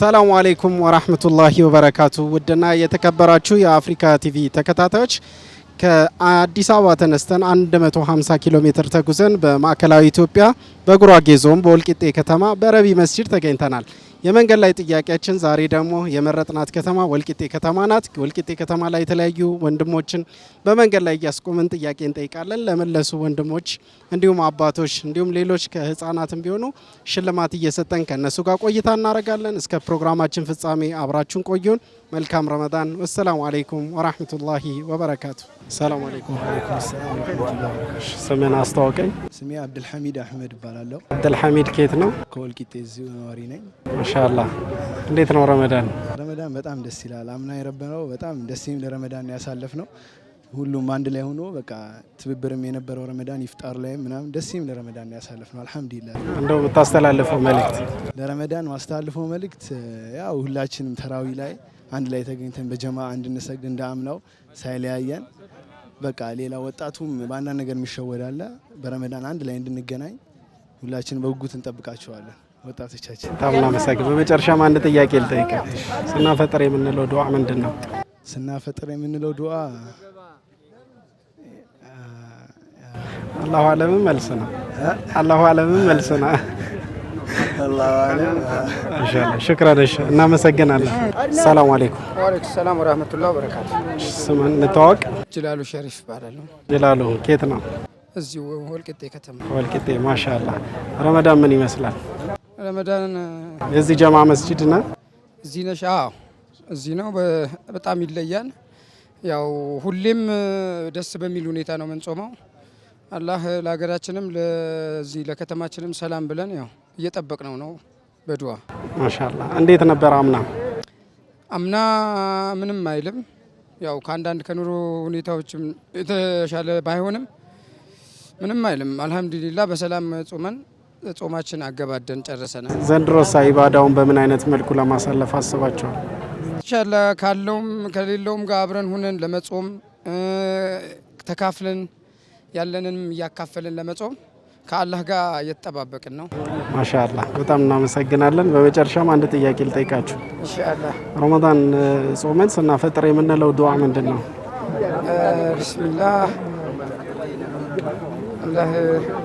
ሰላሙ አሌይኩም ወራህመቱላሂ ወበረካቱ። ውድና የተከበራችሁ የአፍሪካ ቲቪ ተከታታዮች ከአዲስ አበባ ተነስተን 150 ኪሎ ሜትር ተጉዘን በማዕከላዊ ኢትዮጵያ በጉራጌ ዞን በወልቂጤ ከተማ በረቢ መስጂድ ተገኝተናል። የመንገድ ላይ ጥያቄያችን ዛሬ ደግሞ የመረጥናት ከተማ ወልቂጤ ከተማ ናት። ወልቂጤ ከተማ ላይ የተለያዩ ወንድሞችን በመንገድ ላይ እያስቆምን ጥያቄ እንጠይቃለን። ለመለሱ ወንድሞች እንዲሁም አባቶች እንዲሁም ሌሎች ከህፃናትም ቢሆኑ ሽልማት እየሰጠን ከእነሱ ጋር ቆይታ እናደርጋለን። እስከ ፕሮግራማችን ፍጻሜ አብራችሁን ቆዩን። መልካም ረመዳን። ወሰላሙ አለይኩም ወራህመቱላሂ ወበረካቱ። ሰላም አለይኩም። ስምን አስተዋወቀኝ። ስሜ አብድልሐሚድ አህመድ እባላለሁ። አብድልሐሚድ ኬት ነው? ከወልቂጤ እዚሁ ነዋሪ ነኝ። ማሻላ እንዴት ነው ረመዳን? ረመዳን በጣም ደስ ይላል። አምና የረበነው በጣም ደስ የሚል ረመዳን ያሳለፍ ነው። ሁሉም አንድ ላይ ሆኖ በቃ ትብብርም የነበረው ረመዳን ይፍጣር ላይ ምናምን ደስ የሚል ረመዳን ያሳለፍ ነው። አልሐምዱሊላህ። እንደው ብታስተላልፈው መልእክት ለረመዳን ማስተላልፈው መልእክት ያው ሁላችንም ተራዊ ላይ አንድ ላይ ተገኝተን በጀማ እንድንሰግድ እንዳምነው ሳይለያየን በቃ ሌላ ወጣቱም በአንዳንድ ነገር የሚሸወዳለ በረመዳን አንድ ላይ እንድንገናኝ ሁላችን በጉጉት እንጠብቃቸዋለን ወጣቶቻችን። በጣም እናመሰግን። በመጨረሻም አንድ ጥያቄ ልጠይቀ፣ ስናፈጥር የምንለው ዱዓ ምንድን ነው? ስናፈጥር የምንለው ዱዓ አላሁ አለምን መልስ ነው። አላሁ አለምን መልስ ነው። ሽክራን እናመሰግናለን። ሰላም አለይኩም። ወአለይኩም ሰላም ወራህመቱላሂ ወበረካቱ። ስምን እንተዋወቅ? ጅላሉ ሸሪፍ እባላለሁ። ጅላሉ ኬት ነው? እዚሁ ወልቂጤ ከተማ። ወልቂጤ ማሻላ። ረመዳን ምን ይመስላል? ረመዳን የዚህ ጀማ መስጂድ ና እዚህ ነሽ? አዎ እዚህ ነው። በጣም ይለያል። ያው ሁሌም ደስ በሚል ሁኔታ ነው የምንጾመው አላህ ለሀገራችንም ለዚህ ለከተማችንም ሰላም ብለን ያው እየጠበቅ ነው በድዋ ማሻላ። እንዴት ነበር አምና? አምና ምንም አይልም። ያው ከአንዳንድ ከኑሮ ሁኔታዎችም የተሻለ ባይሆንም ምንም አይልም። አልሐምዱሊላ በሰላም ጾመን ጾማችን አገባደን ጨርሰናል። ዘንድሮሳ ኢባዳውን በምን አይነት መልኩ ለማሳለፍ አስባቸዋል? ሻለ ካለውም ከሌለውም ጋር አብረን ሁነን ለመጾም ተካፍለን ያለንንም እያካፈልን ለመጾም ከአላህ ጋር እየተጠባበቅን ነው። ማሻአላ በጣም እናመሰግናለን። በመጨረሻም አንድ ጥያቄ ልጠይቃችሁ። ኢንሻአላህ ረመዳን ጾመን ስናፈጥር የምንለው ዱዓ ምንድን ነው? ቢስሚላህ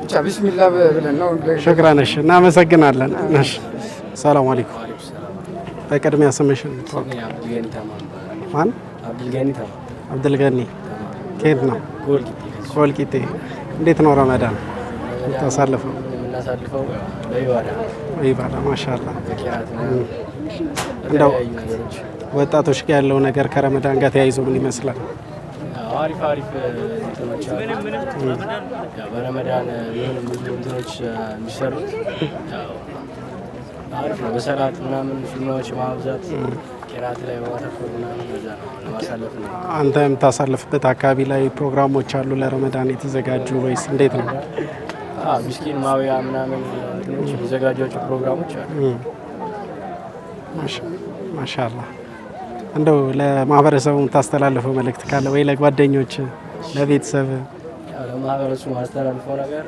ብቻ ቢስሚላህ ብለን ነው። ሽክራነሽ እናመሰግናለን። ነሽ ሰላሙ አለይኩም። በቅድሚያ ስምሽ ማን? አብዱልገኒ። ከየት ነው? ኮልቂቴ። እንዴት ነው ረመዳን የምታሳልፈው የምናሳልፈው በኢባዳ ማሻላ እንደው ወጣቶች ጋር ያለው ነገር ከረመዳን ጋር ተያይዞ ምን ይመስላል? አሪፍ አሪፍ እንትኖች በረመዳን ሆን ብዙ እንትኖች የሚሰሩት አሪፍ ነው። በሰላት ምናምን ፊልማዎች ማብዛት ራት ላይ በማተኮር ምናምን በዛ ነው ለማሳለፍ ነው። አንተ የምታሳልፍበት አካባቢ ላይ ፕሮግራሞች አሉ ለረመዳን የተዘጋጁ ወይስ እንዴት ነው? ምስኪን ማብያ ምናምን እንትኖች የሚዘጋጃቸው ፕሮግራሞች አሉ። ማሻላ እንደው ለማህበረሰቡ የምታስተላልፈው መልእክት ካለ ወይ ለጓደኞች፣ ለቤተሰብ ለማህበረሰቡ ማስተላልፈው ነገር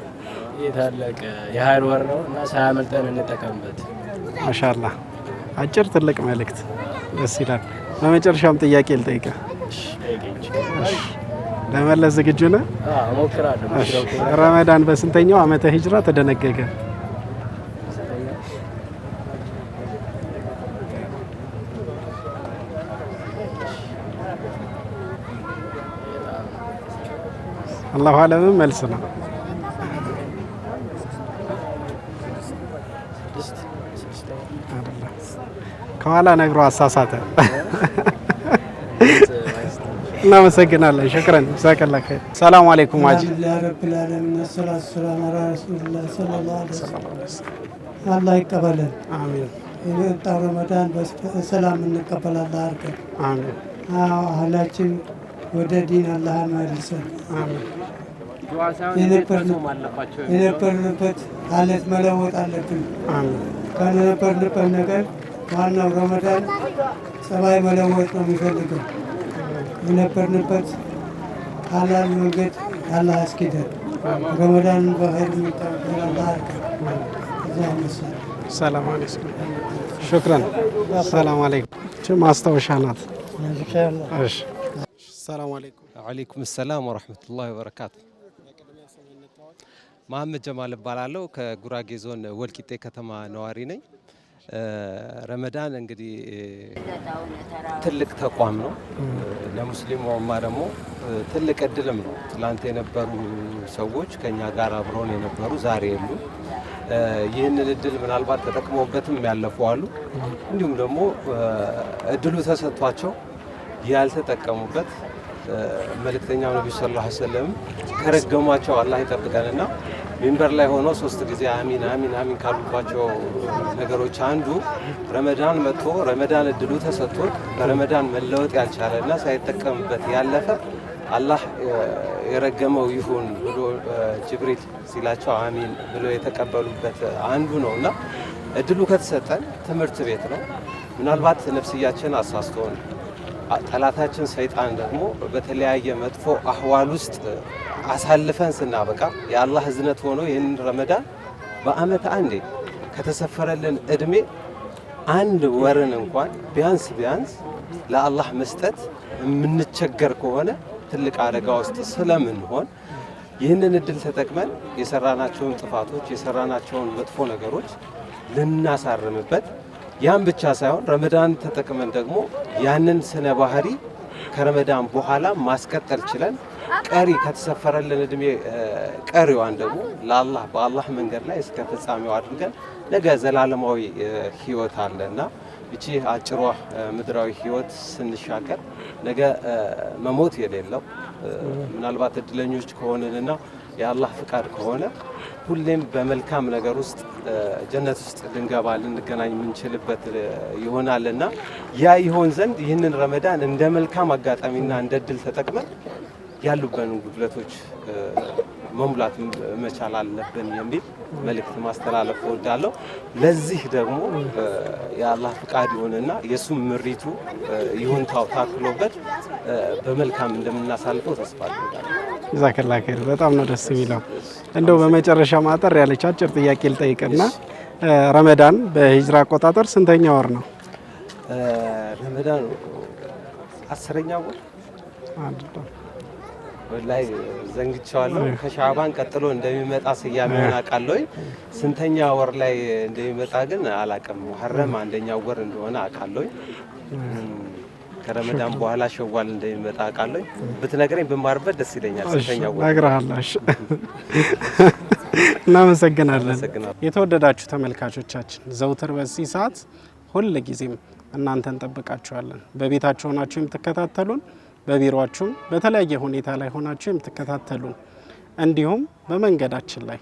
የታለቀ የሀይል ወር ነው እና ሳያመልጠን እንጠቀምበት። ማሻላ አጭር ትልቅ መልእክት ደስ ይላል። በመጨረሻም ጥያቄ ልጠይቀ ለመለስ ዝግጁ ነህ? ረመዳን በስንተኛው አመተ ሂጅራ ተደነገገ? አላሁ አለምም መልስ ነው። ከኋላ ነግሮ አሳሳተ። እናመሰግናለን። ሸክረን ዛቀላ ኸይር። ሰላም አለይኩም ሀጂ። አላህ ይቀበለን። የመጣ ረመዳን በሰላም እንቀበላለን አድርገን አህላችን ወደ ዲን አላህ መልሰን የነበርንበት አለት መለወጥ አለብን። ከነበርንበት ነገር ዋናው ረመዳን ጸባይ መለወጥ ነው የሚፈልገው የነበርንበት ሀላል መንገድ አላህ አስኪደን ረመዳን በኸይር አላህ አድርገን። ሰላም አለይኩም ሰላም አለይኩም ማስታወሻ ናት። ሰላም አለይኩም ሰላም ወረሕመቱላሂ ወበረካቱ። መሀመድ ጀማል እባላለሁ ከጉራጌ ዞን ወልቂጤ ከተማ ነዋሪ ነኝ። ረመዳን እንግዲህ ትልቅ ተቋም ነው። ለሙስሊሙ ኡማ ደግሞ ትልቅ እድልም ነው። ትላንት የነበሩ ሰዎች ከኛ ጋር አብረውን የነበሩ ዛሬ የሉ። ይህንን እድል ምናልባት ተጠቅመውበትም ያለፉ አሉ። እንዲሁም ደግሞ እድሉ ተሰጥቷቸው ያልተጠቀሙበት መልእክተኛው ነቢዩ ሰለላሁ ዐለይሂ ወሰለም ከረገሟቸው አላህ ይጠብቀንና ሚንበር ላይ ሆኖ ሶስት ጊዜ አሚን አሚን አሚን ካሉባቸው ነገሮች አንዱ ረመዳን መጥቶ ረመዳን እድሉ ተሰጥቶ በረመዳን መለወጥ ያልቻለ እና ሳይጠቀምበት ያለፈ አላህ የረገመው ይሁን ብሎ ጅብሪል ሲላቸው አሚን ብሎ የተቀበሉበት አንዱ ነው እና እድሉ ከተሰጠን ትምህርት ቤት ነው። ምናልባት ነፍስያችን አሳስቶን ጠላታችን ሰይጣን ደግሞ በተለያየ መጥፎ አህዋል ውስጥ አሳልፈን ስናበቃ የአላህ እዝነት ሆኖ ይህንን ረመዳን በአመት አንዴ ከተሰፈረልን እድሜ አንድ ወርን እንኳን ቢያንስ ቢያንስ ለአላህ መስጠት የምንቸገር ከሆነ ትልቅ አደጋ ውስጥ ስለምንሆን ይህንን እድል ተጠቅመን የሰራናቸውን ጥፋቶች የሰራናቸውን መጥፎ ነገሮች ልናሳርምበት ያን ብቻ ሳይሆን ረመዳን ተጠቅመን ደግሞ ያንን ስነ ባህሪ ከረመዳን በኋላ ማስቀጠል ችለን ቀሪ ከተሰፈረልን እድሜ ቀሪዋን ደግሞ ለአላህ በአላህ መንገድ ላይ እስከ ፍጻሜው አድርገን ነገ ዘላለማዊ ህይወት አለ እና እቺ አጭሯ ምድራዊ ህይወት ስንሻገር ነገ መሞት የሌለው ምናልባት እድለኞች ከሆንንና የአላህ ፍቃድ ከሆነ ሁሌም በመልካም ነገር ውስጥ ጀነት ውስጥ ልንገባ ልንገናኝ የምንችልበት ይሆናልና ያ ይሆን ዘንድ ይህንን ረመዳን እንደ መልካም አጋጣሚና እንደ ድል ተጠቅመን ያሉበን ጉድለቶች መሙላት መቻል አለብን የሚል መልእክት ማስተላለፍ እወዳለሁ። ለዚህ ደግሞ የአላህ ፍቃድ ይሆንና የእሱም ምሪቱ ይሁንታው ታክሎበት በመልካም እንደምናሳልፈው ተስፋ አድርጋለሁ። ዛከላ ኸይር። በጣም ነው ደስ የሚለው። እንደው በመጨረሻ ማጠር ያለች አጭር ጥያቄ ልጠይቅና ረመዳን በሂጅራ አቆጣጠር ስንተኛ ወር ነው? ረመዳን አስረኛ ወር ወላሂ ዘንግቻለሁ። ከሻዕባን ቀጥሎ እንደሚመጣ ስያሜ አውቃለሁ። ስንተኛ ወር ላይ እንደሚመጣ ግን አላውቅም። ሙሐረም አንደኛ ወር እንደሆነ አውቃለሁ። ከረመዳን በኋላ ሸዋል እንደሚመጣ አውቃለሁ። ብትነግረኝ ብማርበት ደስ ይለኛል። ስንተኛው ነግረሃላሽ። እናመሰግናለን። የተወደዳችሁ ተመልካቾቻችን ዘውትር በዚህ ሰዓት ሁል ጊዜም እናንተ እንጠብቃችኋለን። በቤታችሁ ሆናችሁ የምትከታተሉን፣ በቢሮችሁም በተለያየ ሁኔታ ላይ ሆናችሁ የምትከታተሉን፣ እንዲሁም በመንገዳችን ላይ